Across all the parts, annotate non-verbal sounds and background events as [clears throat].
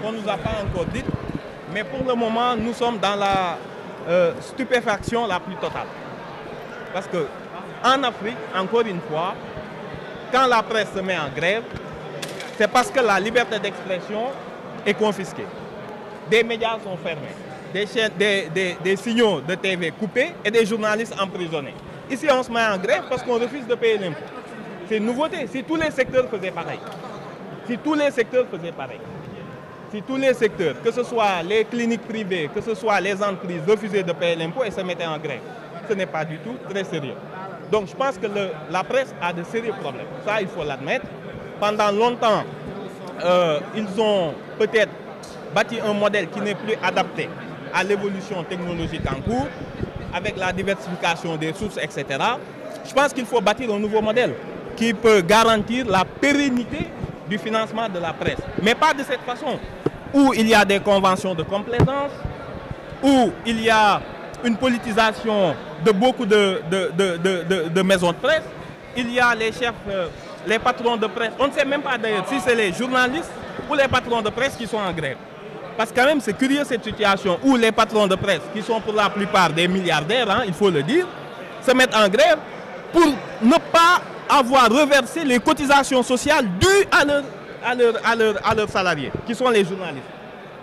qu'on ne nous a pas encore dit, Mais pour le moment, nous sommes dans la euh, stupéfaction la plus totale. Parce que en Afrique, encore une fois, quand la presse se met en grève, c'est parce que la liberté d'expression est confisquée. Des médias sont fermés, des, des signaux de TV coupés et des journalistes emprisonnés. Ici, on se met en grève parce qu'on refuse de payer l'impôt. C'est une nouveauté. Si tous les secteurs faisaient pareil, si tous les secteurs faisaient pareil, si tous les secteurs, que ce soit les cliniques privées, que ce soit les entreprises, refusaient de payer l'impôt et se mettaient en grève. Ce n'est pas du tout très sérieux. Donc je pense que la presse a de sérieux problèmes. Ça, il faut l'admettre. Pendant longtemps, euh, ils ont peut-être bâti un modèle qui n'est plus adapté à l'évolution technologique en cours, avec la diversification des sources, etc. Je pense qu'il faut bâtir un nouveau modèle qui peut garantir la pérennité du financement de la presse. Mais pas de cette façon où il y a des conventions de complaisance, où il y a une politisation de beaucoup de, de, maisons de presse, il y a les chefs, euh, les patrons de presse. On ne sait même pas d'ailleurs si c'est les journalistes ou les patrons de presse qui sont en grève. Parce que quand même, c'est curieux cette situation où les patrons de presse, qui sont pour la plupart des milliardaires, hein, il faut le dire, se mettent en grève pour ne pas avoir reversé les cotisations sociales dues à leur à leurs salariés, qui sont les journalistes.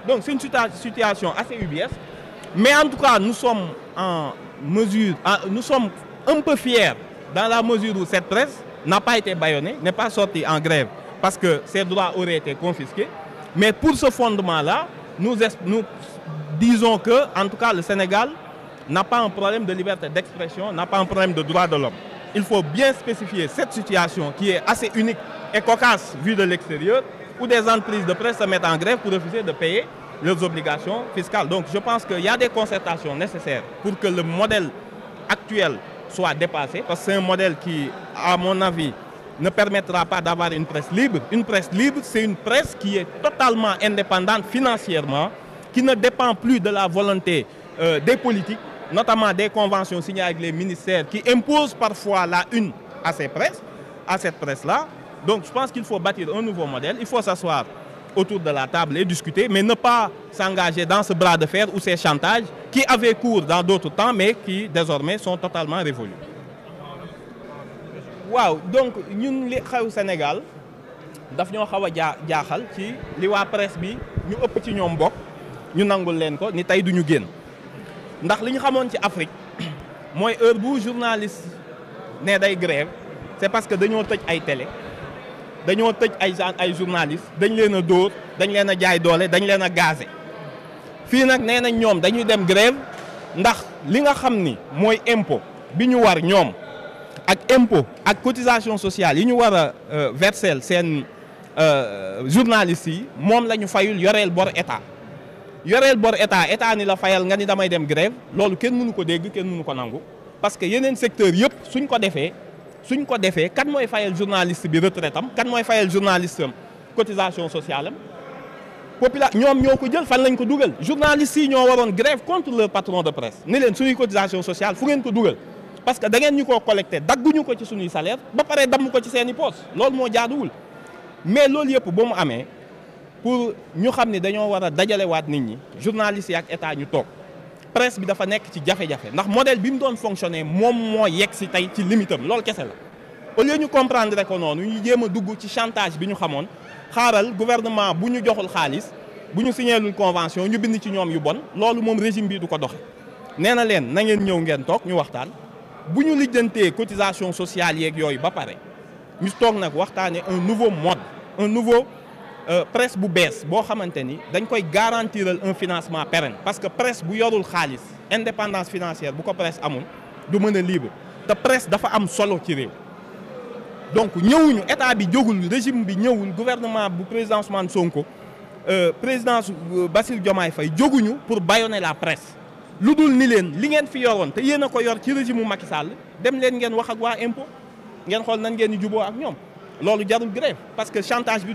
Donc c'est une situation assez UBS. Mais en tout cas, nous sommes en mesure, nous sommes un peu fiers dans la mesure où cette presse n'a pas été baïonnée, n'est pas sortie en grève parce que ses droits auraient été confisqués. Mais pour ce fondement-là, nous, nous, disons que, en tout cas, le Sénégal n'a pas un problème de liberté d'expression, n'a pas un problème de droit de l'homme il faut bien spécifier cette situation qui est assez unique et cocasse vue de l'extérieur, où des entreprises de presse se mettent en grève pour refuser de payer leurs obligations fiscales. Donc je pense qu'il y a des concertations nécessaires pour que le modèle actuel soit dépassé, parce que c'est un modèle qui, à mon avis, ne permettra pas d'avoir une presse libre. Une presse libre, c'est une presse qui est totalement indépendante financièrement, qui ne dépend plus de la volonté euh, des politiques, notamment des conventions signées avec les ministères qui imposent parfois la une à ces presses, à cette presse-là. Donc je pense qu'il faut bâtir un nouveau modèle, il faut s'asseoir autour de la table et discuter, mais ne pas s'engager dans ce bras de fer ou ces chantages qui avaient cours dans d'autres temps, mais qui désormais sont totalement révolus. waaw donc ñun li au Sénégal daf jaaxal ci li presse bi ñu ci ndax li xamone ci Afrique [clears throat] moy heure bu journaliste né day grève c'est parce que dañoo tëj ay télé dañoo tëj ay ay journalistes dañ leena door dañ leena jaay doole dañ leena a fi nak nag nee nañ ñoom dañuy dem grève ndax li nga xamni moy impôt biñu war ñom ak impôt ak cotisation sociale yi ñu war a euh, verser seen euh, journalistes yi moom la fayul yoreel bor état yoreel bor état état ni la fayal nga ni damay dem grève lolou kenn mënu ko dégg kenn mënu ko nangu parce que yeneen secteur yëpp suñ ko defee suñ ko defee kan moy fayal journaliste bi retraite kan moy fayal journaliste cotisation sociale am popula ñoom jël fan lañ ko duggal journaliste ñoo waroon grève contre le patron de presse ni leen suñuy cotisation sociale fu ngeen ko duggal parce que da ngeen ñuko collecter collecté dagguñu ko ci suñu salaire ba paré dam ko ci seeni poste lolou mo jaadul mais lolou yëpp ba mu amé pour ñu xam ne dañoo war a dajalewaat nit ñi journalistes yi ak état ñu tok presse bi dafa nek ci jafé jafé ndax modèle bi mu doon fonctionner mom mo yex ci tay ci limitam lool kese la au lieu ñu comprendre rek noonu ñu jéem dugg ci chantage bi ñu xamone xaaral gouvernement bu ñu joxul xaaliss bu ñu signélul convention ñu bind ci ñom yu bon loolu mom régime bi du ko doxe nee na na ngeen ñew ngeen tok ñu waxtaan bu ñu lijjantee cotisation sociale yeeg yoy ba paré ñu tok nak waxtaané un nouveau mode un nouveau euh, presse bu baisse bo xamanteni un financement pérenne parce que presse bu yorul indépendance financière bu ko presse amul du libre te presse dafa am solo ci donc régime bi gouvernement bu président Ousmane Sonko euh, président euh, Diomaye pour bâillonner la presse ni li ngeen fi te régime Macky Sall dem ngeen wax ak impôt ngeen nan ngeen ak grève parce que chantage bi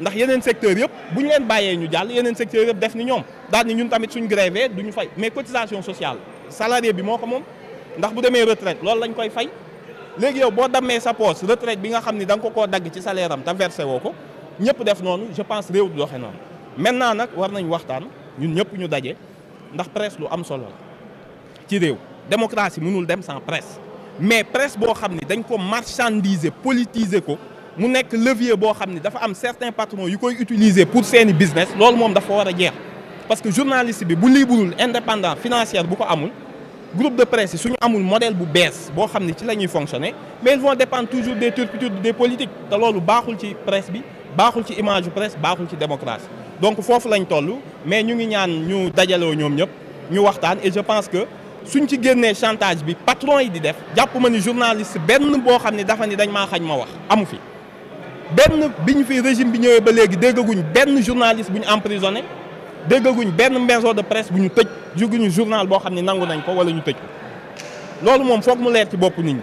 ndax yeneen secteur yëpp bu ñu leen ñu jàll yeneen secteur def ni ni ñun tamit fay mais cotisation sociale salarié bi moo ko ndax bu retraite retraite bi nga ko ci salaire versé je pense réew du noonu maintenant nag war nañ waxtaan ñun ñëpp ñu daje ndax presse lu am la démocratie mënul dem sans presse mais presse boo xam dañ ko marchandiser politiser mu nek levier bo xamni dafa am certains patrons yu koy utiliser pour seeni business lolou mom dafa wara jeex parce que journaliste bi bu liibrul indépendant financière bu ko amul groupe de presse suñu amul modèle bu bees bo xamni ci lañuy fonctionner mais ils vont dépendre toujours des turpitudes des politiques te loolu baxul ci presse bi baxul ci image presse baxul ci démocratie donc fofu lañ toll mais ñu ngi ñaan ñu dajaloo ñom ñep ñu waxtaan et je pense que suñ ci guéné chantage bi patron yi di def jàpp ma ni journaliste benn bo xamni dafa ni dañ ma xañ ma wax amu fi ben bi fi régime bi ñëwee ba légui déggaguñ ben journaliste bu ñu emprisonné déggaguñ ben maison de presse bu ñu tëj juguñu journal bo xamni ne nangu nañ ko wala ñu tejj ko loolu mom fokk mu leer ci bop nit ñi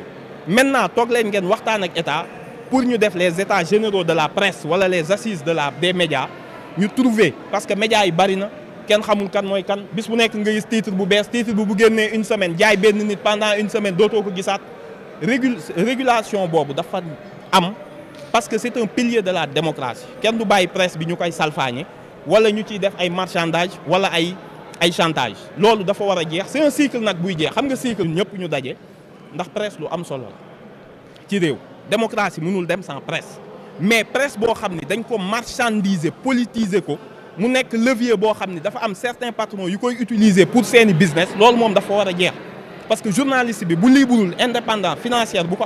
maintenant tok leen ngeen waxtaan ak état pour ñu def les états généraux de la presse wala les assises de la des médias ñu trouver parce que médias yi bari na kenn xamul kan mooy kan bis bu nekk nga gis titre bu bees titre bu bu génnee une semaine jaay benn nit pendant une semaine dootoo ko gisaat régulation boobu dafa am parce que c'est un pilier de la démocratie Quand du la presse bi ñu koy salfaañe wala ñu def ay marchandage wala ay ay chantage cycle dafa est très c'est un cycle qui buy très xam nga cycle ñëpp ñu ndax presse lu am solo la ci démocratie mënul dem sans presse mais presse boo xam ni dañ ko marchandiser politiser ko mu levier boo xam dafa am certains patrons yu koy utiliser pour du business C'est ce dafa est a jeex parce que journaliste bi bu liibrul indépendant financiers bu ko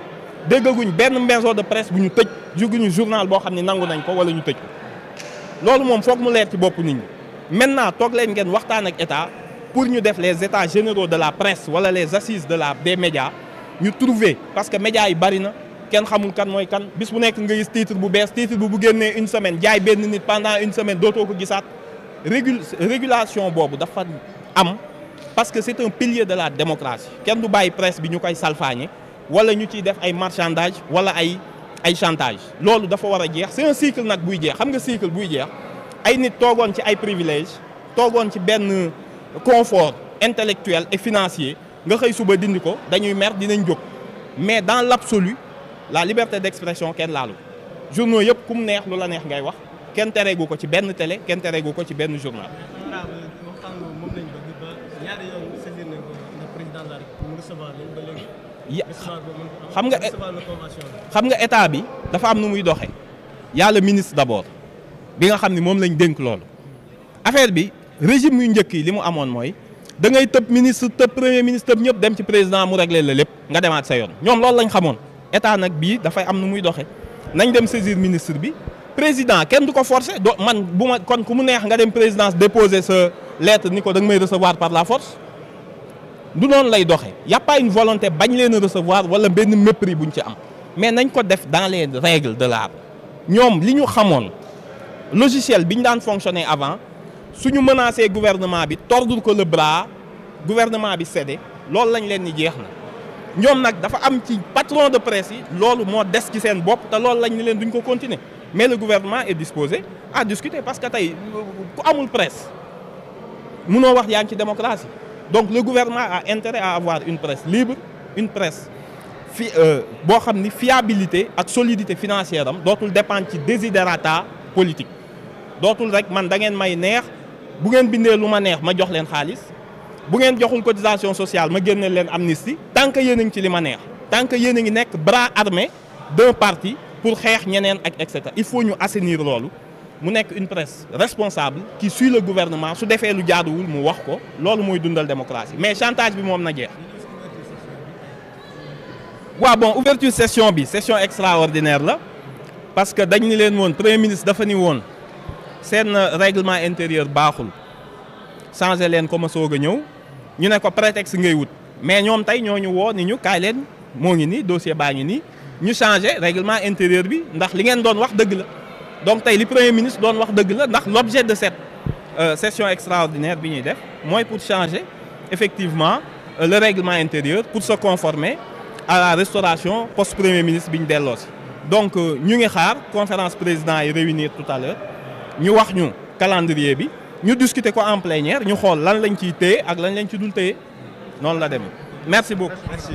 déggaguñ ben maison de presse journal nangu nañ ko wala ñu maintenant tok leen ngeen waxtaan pour ñu les états généraux de la presse wala les assises de la des médias ñu trouver parce que médias yi bari na kenn xamul kan mooy kan bis bu gis titre bu bu bu une semaine jaay ont nit pendant une semaine dootoo ko régulation parce que c'est un pilier de la démocratie kenn du bàyyi presse bi ñu koy wala ñu ci def ay marchandage wala ay ay chantage lolu dafa wara jeex c'est un cycle nak buy jeex xam nga cycle buy jeex ay nit togon ci ay privilèges togon ci ben confort intellectuel et financier nga xey suba dindi ko dañuy mer dinañ jog mais dans l'absolu la liberté d'expression ken laalu journaux yëpp kum neex lu la neex ngay wax kenn tereegu ko ci ben télé kenn tereegu ko ci ben journal. président de la République mu recevoir leen ba xam nga xam nga état bi dafa am nu muy doxe yàlla ministre d'abord bi nga xam ni moom lañ dénk loolu affaire bi régime yu njëkk yi li mu amoon mooy da ngay tëb ministre tëb premier ministre tëb ñëpp dem ci président mu réglé la lépp nga demaat sa yoon ñoom loolu lañ xamoon état nag bii dafay am nu muy doxee nañ dem saisir ministre bi président kenn du ko forcer do man bu ma kon ku mu neex nga dem présidence déposer sa lettre ni ko da nga may recevoir par la force du avons lay Il n'y a pas une volonté de leen recevoir wala benn mépris buñ ci am mais nous ko def dans les règles de l'art avons, li ñu le logiciel bi ñu fonctionner avant suñu si menacé gouvernement bi tordul ko le bras le gouvernement a cédé C'est lañ leen ni jeex na ñoom nag dafa patron de presse C'est loolu moo des ci seen bopp te loolu lañ continuer mais le gouvernement est disposé à discuter parce que a ku amul presse munoo wax yaa ngi ci démocratie donc le gouvernement a intérêt à avoir une presse libre, une presse fi euh, une fiabilité solidité financière dont on dépend ci désiderata politique dont rek man da ngeen may neex bu ngeen bindee lu neex ma des cotisation sociale ma une amnistie tant que vous a ngi ci tant que vous avez bras armé d'un parti pour faire des choses, etc. il faut nous assainir l'eau mu une presse responsable qui suit le gouvernement sous lu le mu wax ko démocratie mais chantage bi na bon ouverture session session extraordinaire parce que Daniel ni premier ministre dafa ni le règlement intérieur Sans changé comme ko ma a prétexte mais nous nous dossier règlement intérieur bi donc le premier ministre doit wax de cette euh, session extraordinaire bi pour changer effectivement euh, le règlement intérieur pour se conformer à la restauration post premier ministre donc euh, nous conférence président est réunir tout à l'heure nous wax ñu calendrier nous discutons discuter en plénière nous avons lan lañ ciy téye la merci beaucoup merci.